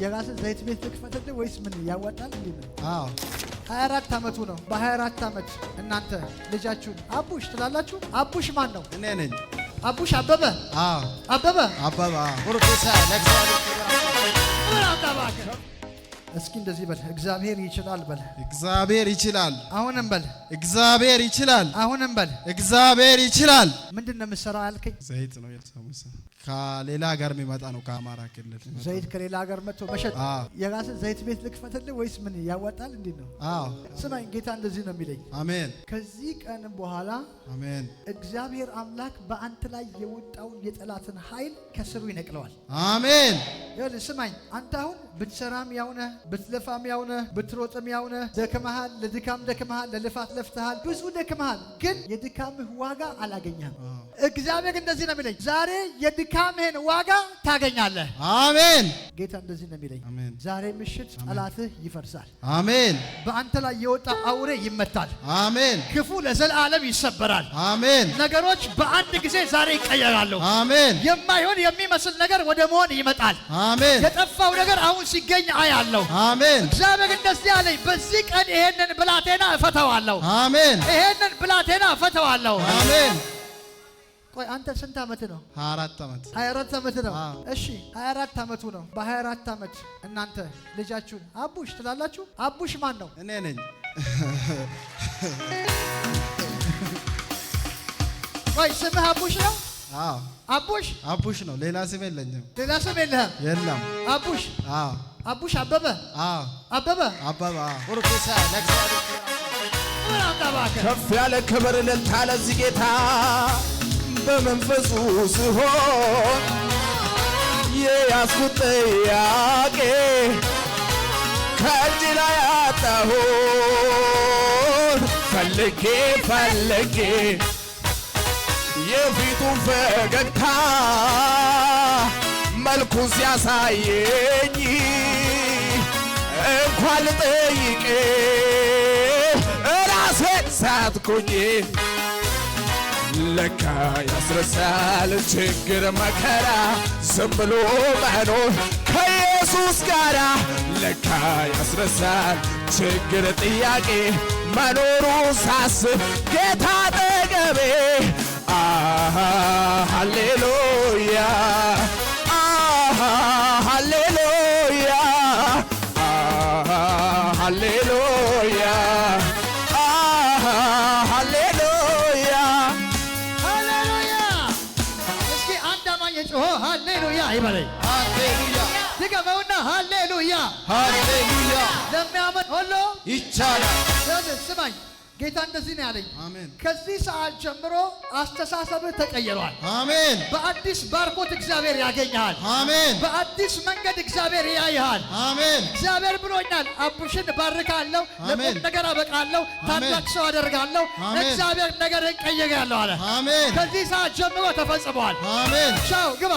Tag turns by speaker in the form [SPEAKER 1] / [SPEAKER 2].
[SPEAKER 1] የራስ ዘይት ቤት ልክፈትልህ ወይስ ምን ያዋጣል? እንዴ ነው። አዎ 24 ዓመቱ ነው። በ24 ዓመት እናንተ ልጃችሁን አቡሽ ትላላችሁ። አቡሽ ማን ነው? እኔ ነኝ። አቡሽ አበበ። አዎ አበበ
[SPEAKER 2] አበበ ፕሮፌሰር ለግዛሪ
[SPEAKER 1] እስኪ እንደዚህ በል፣ እግዚአብሔር ይችላል በል፣
[SPEAKER 2] እግዚአብሔር ይችላል። አሁንም በል፣ እግዚአብሔር ይችላል። አሁንም በል፣ እግዚአብሔር ይችላል።
[SPEAKER 1] ምንድን ነው የምትሰራው ያልከኝ?
[SPEAKER 2] ዘይት ነው የልሳሙሳ ከሌላ ሀገር የሚመጣ ነው። ከአማራ ክልል
[SPEAKER 1] ዘይት ከሌላ ሀገር መጥቶ መሸጥ። የራስ ዘይት ቤት ልክፈትልህ ወይስ ምን ያዋጣል? እንዴት ነው? አዎ ስማኝ፣ ጌታ እንደዚህ ነው የሚለኝ። አሜን። ከዚህ ቀን በኋላ አሜን፣ እግዚአብሔር አምላክ በአንተ ላይ የወጣውን የጠላትን ኃይል ከስሩ ይነቅለዋል። አሜን። ስማኝ፣ አንተ አሁን ብትሰራም ያውነ ብትለፋም ያውነህ ብትሮጥም ያውነህ ደክመሃል። ለድካም ደክመሃል፣ ለልፋት ለፍተሃል፣ ብዙ ደክመሃል። ግን የድካምህ ዋጋ አላገኘህም። እግዚአብሔር እንደዚህ ነው የሚለኝ፣ ዛሬ የድካምህን ዋጋ ታገኛለህ። አሜን። ጌታ እንደዚህ ነው የሚለኝ። ዛሬ ምሽት ጠላትህ ይፈርሳል። አሜን። በአንተ ላይ የወጣ አውሬ ይመታል። አሜን። ክፉ ለዘላለም ይሰበራል። አሜን። ነገሮች በአንድ ጊዜ ዛሬ ይቀየራሉ። አሜን። የማይሆን የሚመስል ነገር ወደ መሆን ይመጣል። አሜን። የጠፋው ነገር አሁን ሲገኝ አያለሁ። አሜን። እግዚአብሔር እንደዚህ አለኝ፣ በዚህ ቀን ይሄንን ብላቴና እፈተዋለሁ። አሜን። ይሄንን ብላቴና እፈተዋለሁ። አሜን። ቆይ አንተ ስንት ዓመት ነው? 24 ዓመት 24 ዓመት ነው። እሺ 24 ዓመቱ ነው። በ24 ዓመት እናንተ ልጃችሁን አቡሽ ትላላችሁ። አቡሽ ማን ነው? እኔ ነኝ። ቆይ ስምህ አቡሽ ነው? አዎ አቡሽ
[SPEAKER 2] አቡሽ ነው። ሌላ ስም የለኝም።
[SPEAKER 1] ሌላ ስም የለህም? የለም። አቡሽ አዎ። አቡሽ አበበ አዎ። አበበ
[SPEAKER 2] አበበ ለክሳ ከፍ ያለ ክብር እልልታ ጌታ በመንፈሱ ስሆን የያዝኩት ጥያቄ ከእጅ ላይ አጣሁን ፈልጌ ፈልጌ የፊቱን ፈገግታ መልኩን ሲያሳየኝ እንኳን ልጠይቄ ራሴ ሳትኩኝ ለካ ያስረሳል ችግር መከራ ዝም ብሎ መኖር ከኢየሱስ ጋራ ለካ ያስረሳል ችግር ጥያቄ መኖሩ ሳስብ ጌታ አጠገቤ ሃሌሉያ
[SPEAKER 1] ጮሆ ሃሌሉያ ይበለኝ።
[SPEAKER 2] ሃሌሉያ
[SPEAKER 1] ድገመውና ሃሌሉያ
[SPEAKER 2] ሃሌሉያ። ለሚያምን ሁሉ
[SPEAKER 1] ይቻላል። ስማኝ ጌታ እንደዚህ ነው ያለኝ። አሜን። ከዚህ ሰዓት ጀምሮ አስተሳሰብህ ተቀይሯል። አሜን። በአዲስ ባርኮት እግዚአብሔር ያገኛል። አሜን። በአዲስ መንገድ እግዚአብሔር ያይሃል። አሜን። እግዚአብሔር ብሎኛል፣ አቡሽን ባርካለሁ፣ ለቁም ነገር አበቃለሁ፣ ታላቅ ሰው አደርጋለሁ፣ እግዚአብሔር ነገር እቀየጋለሁ አለ። አሜን። ከዚህ ሰዓት ጀምሮ ተፈጽሟል። አሜን። ቻው ግባ